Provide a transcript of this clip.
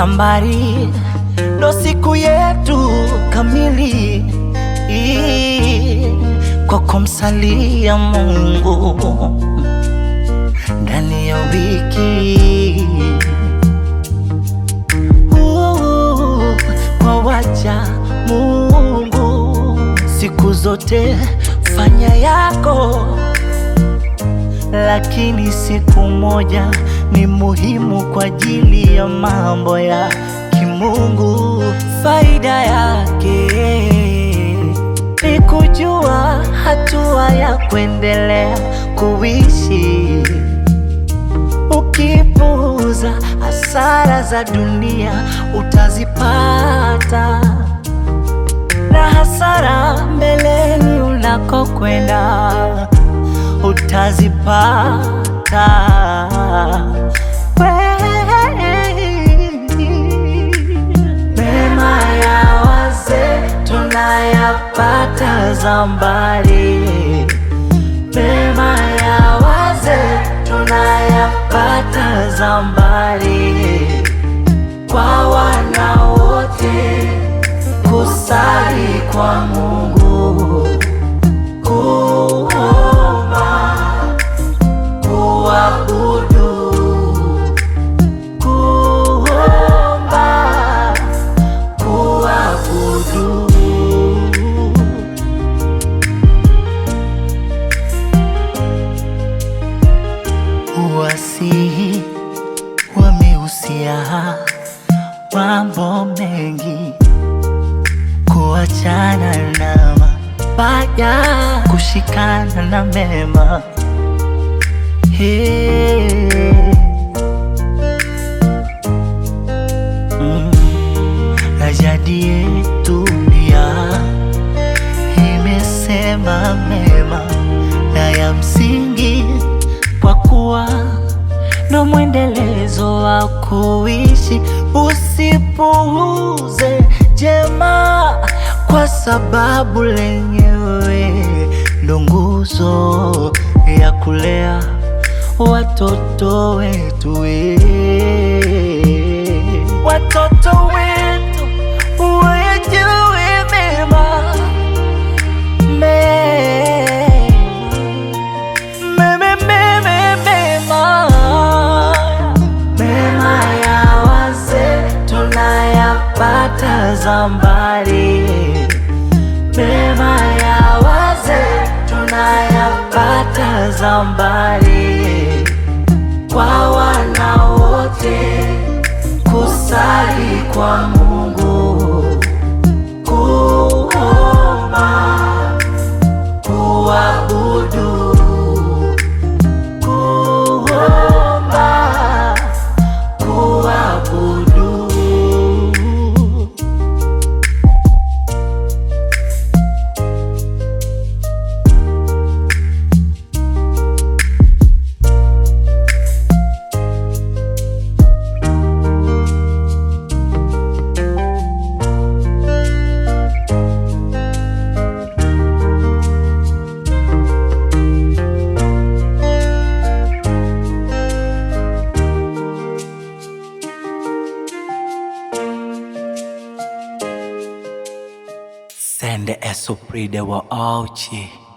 Sambari ndo siku yetu kamili kwa kumsalia Mungu ndani ya wiki kwa wacha Mungu siku zote fanya yako lakini siku moja ni muhimu kwa ajili ya mambo ya kimungu. Faida yake ni kujua hatua ya kuendelea kuishi. Ukipuuza hasara za dunia utazipata. utazipata mema ya wazee tunayapata zambali mema ya wazee tunayapata zambali kwa wana wote kusali kwa wasihi wameusia mambo mengi, kuachana na mabaya, kushikana na mema hey. ndio mwendelezo wa kuishi. Usipuuze jema, kwa sababu lenyewe ndo nguzo ya kulea watoto wetu. zambari za mbali. Mema ya wazee tunayapata za mbali, kwa wana wote kusali kwa Mungu and Esopri, they were all cheap.